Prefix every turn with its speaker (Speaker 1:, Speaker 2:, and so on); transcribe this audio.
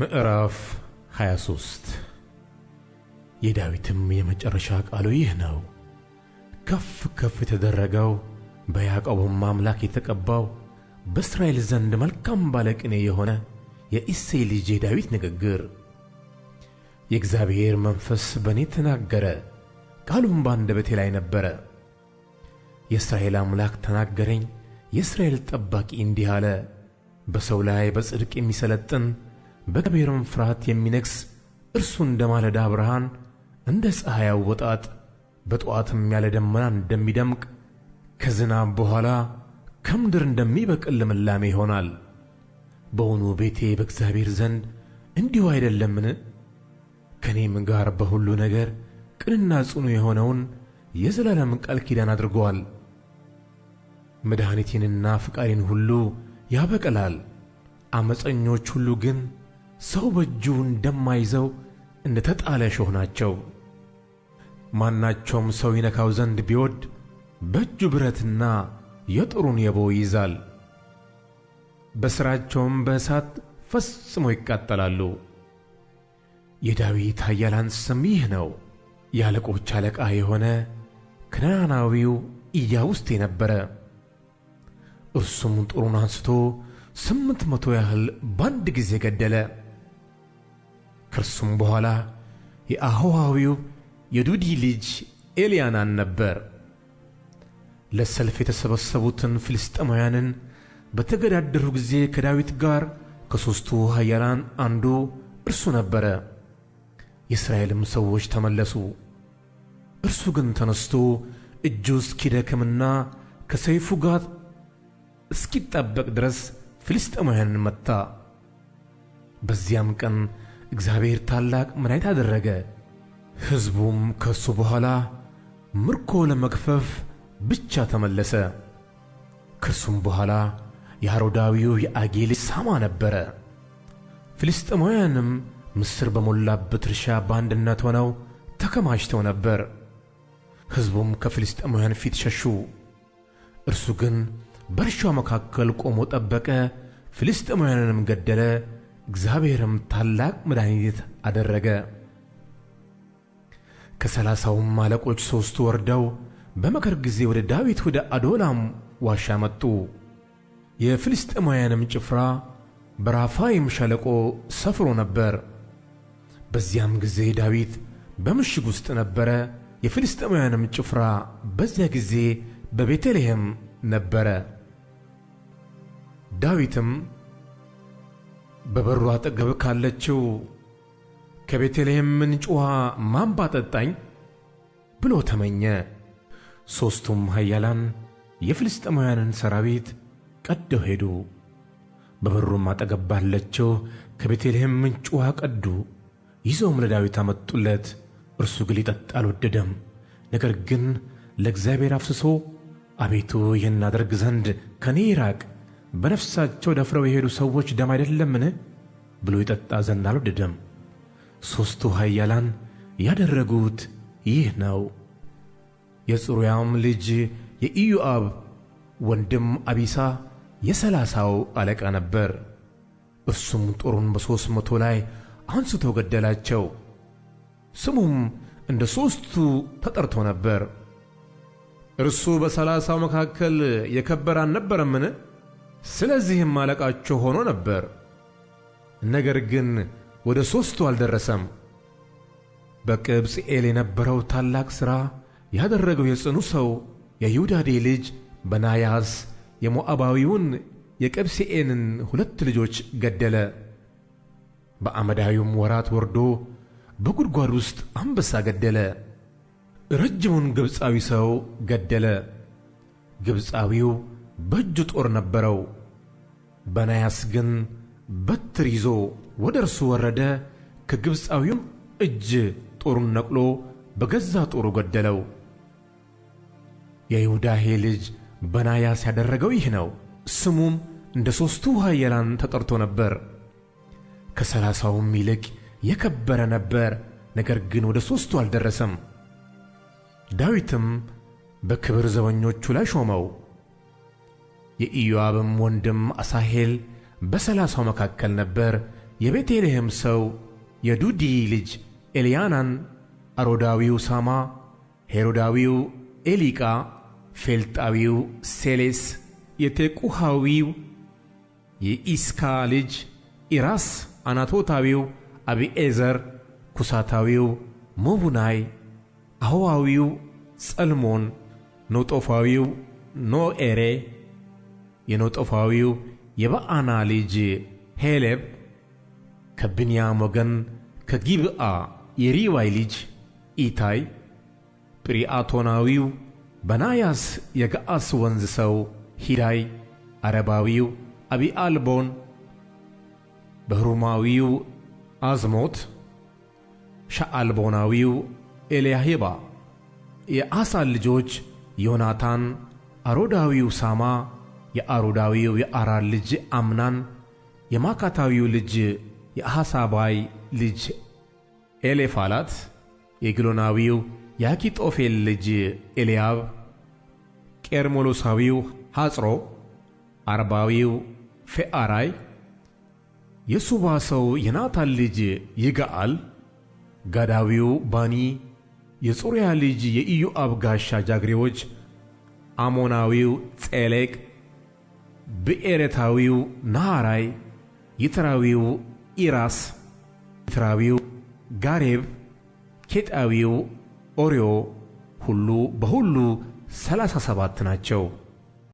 Speaker 1: ምዕራፍ 23 የዳዊትም የመጨረሻ ቃሉ ይህ ነው። ከፍ ከፍ የተደረገው በያዕቆብም አምላክ የተቀባው በእስራኤል ዘንድ መልካም ባለቅኔ የሆነ የእሴይ ልጅ የዳዊት ንግግር። የእግዚአብሔር መንፈስ በእኔ ተናገረ፣ ቃሉም በአንደበቴ ላይ ነበረ። የእስራኤል አምላክ ተናገረኝ፣ የእስራኤል ጠባቂ እንዲህ አለ፦ በሰው ላይ በጽድቅ የሚሰለጥን በእግዚአብሔርም ፍርሃት የሚነግሥ እርሱ እንደ ማለዳ ብርሃን እንደ ፀሐይ አወጣጥ በጠዋትም ያለ ደመና እንደሚደምቅ ከዝናብ በኋላ ከምድር እንደሚበቅል ልምላሜ ይሆናል። በውኑ ቤቴ በእግዚአብሔር ዘንድ እንዲሁ አይደለምን? ከእኔም ጋር በሁሉ ነገር ቅንና ጽኑ የሆነውን የዘላለም ቃል ኪዳን አድርገዋል። መድኃኒቴንና ፍቃዴን ሁሉ ያበቅላል። ዓመፀኞች ሁሉ ግን ሰው በእጁ እንደማይዘው እንደ ተጣለ እሾህ ናቸው። ማናቸውም ሰው ይነካው ዘንድ ቢወድ በእጁ ብረትና የጥሩን የቦ ይይዛል። በሥራቸውም በእሳት ፈጽሞ ይቃጠላሉ። የዳዊት ኃያላን ስም ይህ ነው። የአለቆች አለቃ የሆነ ከነዓናዊው ኢያቡስቴ ነበረ። እርሱም ጦሩን አንስቶ ስምንት መቶ ያህል በአንድ ጊዜ ገደለ። ከእርሱም በኋላ የአሆሃዊው የዱዲ ልጅ ኤልያናን ነበር። ለሰልፍ የተሰበሰቡትን ፍልስጥኤማውያንን በተገዳደሩ ጊዜ ከዳዊት ጋር ከሦስቱ ኃያላን አንዱ እርሱ ነበረ። የእስራኤልም ሰዎች ተመለሱ። እርሱ ግን ተነስቶ እጁ እስኪደክምና ከሰይፉ ጋር እስኪጠበቅ ድረስ ፍልስጥኤማውያንን መታ። በዚያም ቀን እግዚአብሔር ታላቅ መድኃኒት አደረገ። ሕዝቡም ከሱ በኋላ ምርኮ ለመግፈፍ ብቻ ተመለሰ። ከእርሱም በኋላ የአሮዳዊው የአጌ ልጅ ሳማ ነበረ። ፍልስጥኤማውያንም ምስር በሞላበት እርሻ በአንድነት ሆነው ተከማችተው ነበር። ሕዝቡም ከፍልስጥኤማውያን ፊት ሸሹ። እርሱ ግን በእርሻው መካከል ቆሞ ጠበቀ፣ ፍልስጥኤማውያንንም ገደለ። እግዚአብሔርም ታላቅ መድኃኒት አደረገ። ከሰላሳውም አለቆች ሦስቱ ወርደው በመከር ጊዜ ወደ ዳዊት ወደ አዶላም ዋሻ መጡ። የፍልስጥኤማውያንም ጭፍራ በራፋይም ሸለቆ ሰፍሮ ነበር። በዚያም ጊዜ ዳዊት በምሽግ ውስጥ ነበረ። የፍልስጥኤማውያንም ጭፍራ በዚያ ጊዜ በቤተልሔም ነበረ። ዳዊትም በበሩ አጠገብ ካለችው ከቤተልሔም ምንጭ ውሃ ማን ባጠጣኝ ብሎ ተመኘ። ሦስቱም ኃያላን የፍልስጥኤማውያንን ሰራዊት ቀደው ሄዱ። በበሩም አጠገብ ባለችው ከቤተልሔም ምንጭ ውሃ ቀዱ። ይዘውም ለዳዊት አመጡለት። እርሱ ግን ሊጠጣ አልወደደም። ነገር ግን ለእግዚአብሔር አፍስሶ አቤቱ ይህን አደርግ ዘንድ ከኔ ይራቅ በነፍሳቸው ደፍረው የሄዱ ሰዎች ደም አይደለምን ብሎ ይጠጣ ዘንድ አልወደደም። ሦስቱ ኃያላን ያደረጉት ይህ ነው። የጽሩያም ልጅ የኢዮአብ ወንድም አቢሳ የሰላሳው አለቃ ነበር። እርሱም ጦሩን በሦስት መቶ ላይ አንስቶ ገደላቸው። ስሙም እንደ ሦስቱ ተጠርቶ ነበር። እርሱ በሰላሳው መካከል የከበረ አልነበረምን? ስለዚህም አለቃቸው ሆኖ ነበር። ነገር ግን ወደ ሦስቱ አልደረሰም። በቅብጽ ኤል የነበረው ታላቅ ሥራ ያደረገው የጽኑ ሰው የዮዳዴ ልጅ በናያስ የሞዓባዊውን የቅብስኤንን ሁለት ልጆች ገደለ። በአመዳዩም ወራት ወርዶ በጉድጓድ ውስጥ አንበሳ ገደለ። ረጅሙን ግብፃዊ ሰው ገደለ። ግብፃዊው በእጁ ጦር ነበረው። በናያስ ግን በትር ይዞ ወደ እርሱ ወረደ፣ ከግብፃዊውም እጅ ጦሩን ነቅሎ በገዛ ጦሩ ገደለው። የዮዳሄ ልጅ በናያስ ያደረገው ይህ ነው። ስሙም እንደ ሦስቱ ኃያላን ተጠርቶ ነበር። ከሰላሳውም ይልቅ የከበረ ነበር፣ ነገር ግን ወደ ሦስቱ አልደረሰም። ዳዊትም በክብር ዘበኞቹ ላይ ሾመው። የኢዮአብም ወንድም አሣሄል በሰላሳው መካከል ነበር። የቤቴልሔም ሰው የዱዲ ልጅ ኤልያናን፣ አሮዳዊው ሳማ፣ ሄሮዳዊው ኤሊቃ፣ ፌልጣዊው ሴሌስ፣ የቴቁሃዊው የኢስካ ልጅ ኢራስ፣ አናቶታዊው አብኤዘር፣ ኩሳታዊው ሞቡናይ፣ አህዋዊው ጸልሞን፣ ኖጦፋዊው ኖኤሬ የኖጦፋዊው የበዓና ልጅ ሄሌብ ከብንያም ወገን ከጊብዓ የሪዋይ ልጅ ኢታይ ጲርዓቶናዊው በናያስ የገዓስ ወንዝ ሰው ሂዳይ አረባዊው አቢአልቦን በሩማዊው አዝሞት ሻአልቦናዊው ኤልያሂባ የአሳን ልጆች ዮናታን አሮዳዊው ሳማ የአሮዳዊው የአራር ልጅ አምናን፣ የማካታዊው ልጅ የአሐሳባይ ልጅ ኤሌፋላት፣ የግሎናዊው የአኪጦፌል ልጅ ኤልያብ፣ ቄርሞሎሳዊው ሐጽሮ፣ አርባዊው ፌአራይ፣ የሱባ ሰው የናታን ልጅ ይጋአል፣ ጋዳዊው ባኒ፣ የጾርያ ልጅ የኢዮአብ ጋሻ ጃግሬዎች፣ አሞናዊው ጼሌቅ ብኤሬታዊው ናሃራይ፣ ይትራዊው ኢራስ፣ ይትራዊው ጋሬብ፣ ኬጣዊው ኦርዮ ሁሉ በሁሉ ሠላሳ ሰባት ናቸው።